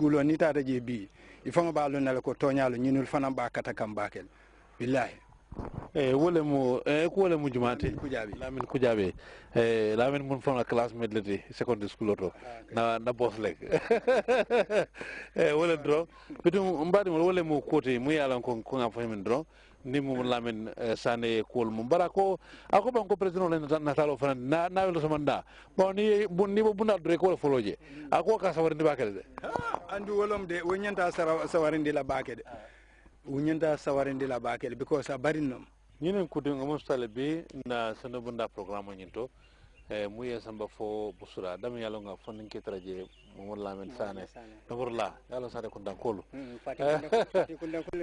kulo ni tata je bi ifaŋo be a loŋ na ko tooñaalu ñinul fanaŋ be kata kam baake le billahi e eh, wo le mu e eh, ko le mu jumaate lamin kujaabe e eh, lamin mun fana classe med le te seconde school to ah, na na boss lek e wo le dro bitum mbadi mo wo le mu kote mu yalan ko ko ngam fahimin dro ni mum lamin sane kol mum bara ko ako banko président len natalo fana na na wel so manda bon ni bon ni bo bunda dre ko foloje ako ka sawar ndi bakale de andu wolom de wo ñanta sawarindi la baake de wo ñanta sawarindi la baake de biko sa bari nom ñinen de ngam sale bi na sene bunda programme ñinto e eh, mu ye samba fo busura dama yalla nga fon ngi traje momor lamen sane nomor la yalo sare ko dan kolu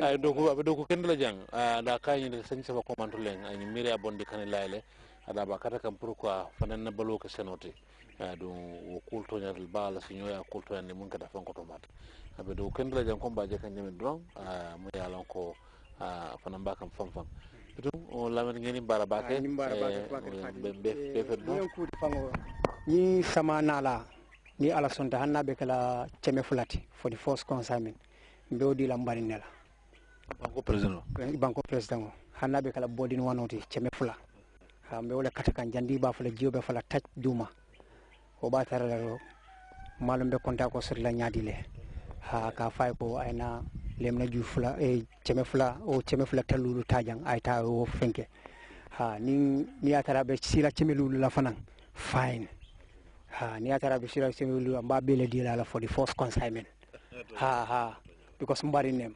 ay do ko doku la jang da ah, kañi de sañ sama komantu len ay mire abondi kan layle ada eh, ba kata kam pour quoi fanan na balo ka senote do wo kulto nyal la sinyo ya kulto ni mun kata ko to mat abe do ken la jam ba je kan nyamin don eh, mu ya lon ko a eh, fanan ba kam fam fam to o la men ngeni bara ba ke ni bara ba ke ke fa be be fe do ni sama na la ni ala sonta hanna be kala cheme fulati for the force consignment be odi lambari nela banko president banko president hanna be kala bodin wanoti cheme fulati hamɓe wole kata kan jandi fula jiyoɓe eh, fala tac duma o ɓatara la malum be konta ko sotla ñaadi le ha ka fay ko ayna lemna ju fula e cheme fula o cheme fula tajang ay ta o fenke ha ni ni yatara be sila cheme lulu la fanan fine ha ni yatara be sila cheme lulu mba bele dila la fo the consignment ha ha because name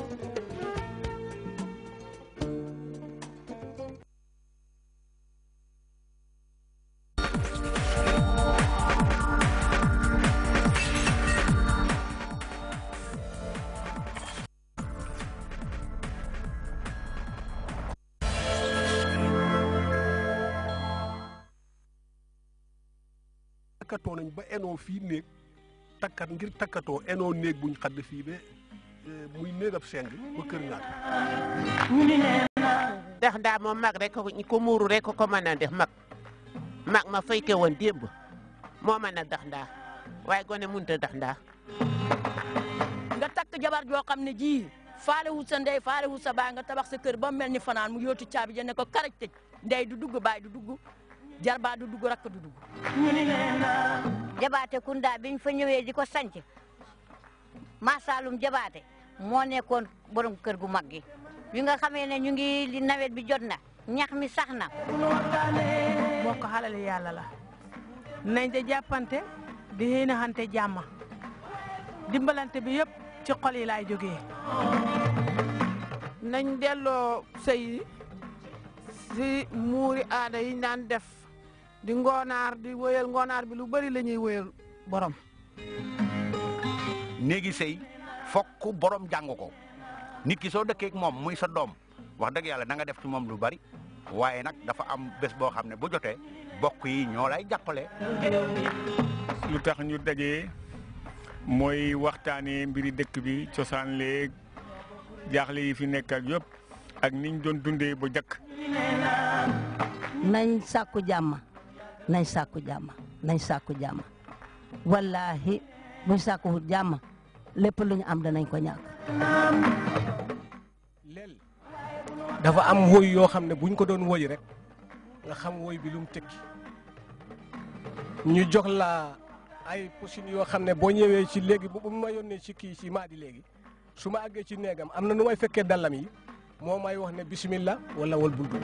takkatoo nañ ba enoo fii néeg takkat ngir takkatoo enoo néeg buñ xadd fii ba euh, muy néeg ab seng ba kër ñaata ndax ndaa moom ko ko mën a def mag mag ma fay woon démb moo mën a ndax ndaa waaye gone mënut a ndax ndaa nga takk jabar joo xam ne jii faale wu sa ndey faale wu sa nga tabax sa kër ba mel ni fanaan mu yóotu caabi ja ko karaj tëj ndey du dugg baay jarbaa du dugg rakk du dugg jabaate kunda biñ fa ñëwee di ko sanc masalum jabaate moo nekkoon borom kër gu mag gi bi nga xamee ne ñu ngi nawet bi jot na ñax mi sax na bokk xalal yàlla la nañ da jàppante di xéena xante jàmm dimbalante bi yépp ci xol yi laay jógee nañ delloo sëy si muuri aada yi naan def di ngoonaar di wéyal ngoonaar bi lu bari la ñuy wéyal borom néegi sey fokk borom jàng ko nit ki soo dëkkeek moom muy sa doom wax dëgg yàlla nanga def ci moom lu bari waaye nag dafa am bés boo xam ne bu jotee bokk yi ñoo lay jàppale lu tax ñu dajee mooy waxtaanee mbiri dëkk bi cosaan leeg jaaxle yi fi nekk ak ak niñ doon dundee bu jëkk nañ sàkku jàmm nañ sàkku jàmm nañ sàkku jàmm wallaahi buñ sàkkuwut jàmm lépp lu ñu am danañ ko ñàkk. lel dafa am woy yoo xam ne buñ ko doon woy rek nga xam woy bi lu mu tekki ñu jox la ay posin yoo xam ne boo ñëwee ci léegi bu ma yónnee ci kii ci maadi léegi su ma àggee ci néegam am na nu may fekkee dallam yi moo may wax ne bismillah wala wal buntu.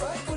Bye.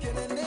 shaking and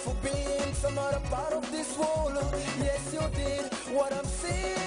for being some other part of this world. Yes, you did what I'm saying.